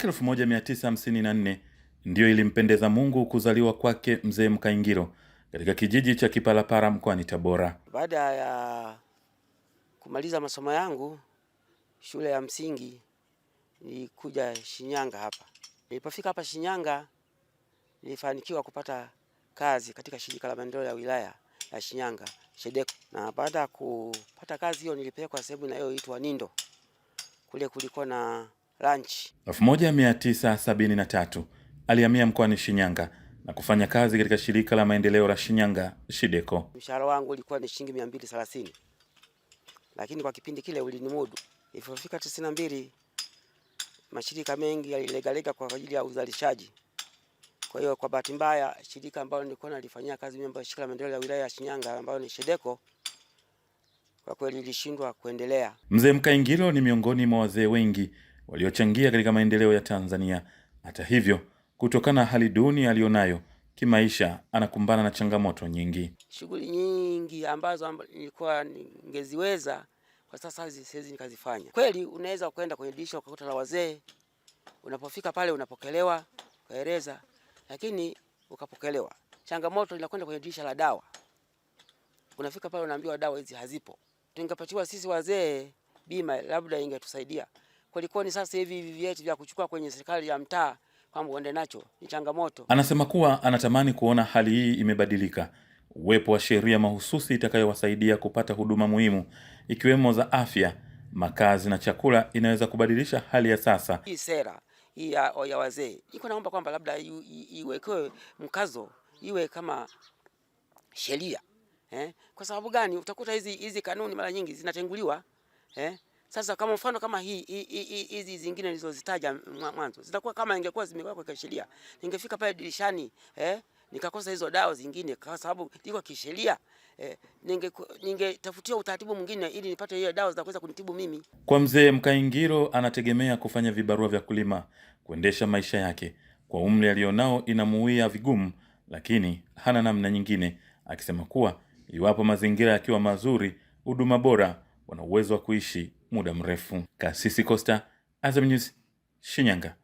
1954 ndiyo ilimpendeza Mungu kuzaliwa kwake mzee Mkaingiro katika kijiji cha Kipalapara mkoani Tabora. Baada ya kumaliza masomo yangu shule ya msingi, nilikuja Shinyanga hapa. Nilipofika hapa Shinyanga, nilifanikiwa kupata kazi katika shirika la maendeleo ya wilaya ya Shinyanga Shedeko, na baada ya kupata kazi hiyo nilipelekwa sehemu inayoitwa Nindo. Kule kulikuwa na ranchi. 1973 alihamia mkoani Shinyanga na kufanya kazi katika shirika la maendeleo la Shinyanga Shideko. Mshahara wangu ulikuwa ni shilingi 230 lakini kwa kipindi kile ulinimudu. Ilipofika mbili mashirika mengi yalilegalega kwa ajili ya uzalishaji. Kwa hiyo kwa bahati mbaya shirika ambalo nilikuwa nalifanyia kazi mimi, shirika la maendeleo ya wilaya ya Shinyanga ambayo ni Shideko, kwa kweli lilishindwa kuendelea. Mzee Mkaingilo ni miongoni mwa wazee wengi waliochangia katika maendeleo ya Tanzania. Hata hivyo, kutokana na hali duni aliyonayo kimaisha, anakumbana na changamoto nyingi. Shughuli nyingi ambazo amba, nilikuwa ningeziweza kwa sasa siwezi nikazifanya. Kweli unaweza kwenda kwenye dirisha ukakuta la wazee, unapofika pale unapokelewa kaeleza, lakini ukapokelewa. Changamoto inakwenda kwenye dirisha la dawa, unafika pale unaambiwa dawa hizi hazipo. Tungepatiwa sisi wazee bima, labda ingetusaidia kulikoni sasa hivi hivi vyeti vya kuchukua kwenye serikali ya mtaa kwamba uende nacho ni changamoto. Anasema kuwa anatamani kuona hali hii imebadilika, uwepo wa sheria mahususi itakayowasaidia kupata huduma muhimu ikiwemo za afya, makazi na chakula inaweza kubadilisha hali ya sasa. Hii sera hii ya, ya wazee iko, naomba kwamba labda iwekewe mkazo, iwe kama sheria eh? Kwa sababu gani? Utakuta hizi hizi kanuni mara nyingi zinatenguliwa eh? Sasa kama mfano kama hii hizi zingine nilizozitaja mwanzo zitakuwa kama ingekuwa zimewekwa kwa sheria, ningefika pale dirishani eh, nikakosa hizo dawa zingine kwa sababu iko kisheria eh, ninge ninge utaratibu mwingine ili nipate hiyo dawa za kuweza kunitibu mimi. Kwa mzee Mkaingiro anategemea kufanya vibarua vya kulima kuendesha maisha yake. Kwa umri alionao inamuia vigumu, lakini hana namna nyingine, akisema kuwa iwapo mazingira yakiwa mazuri, huduma bora wana uwezo wa kuishi muda mrefu. Kasisi Costa, Azam News, Shinyanga.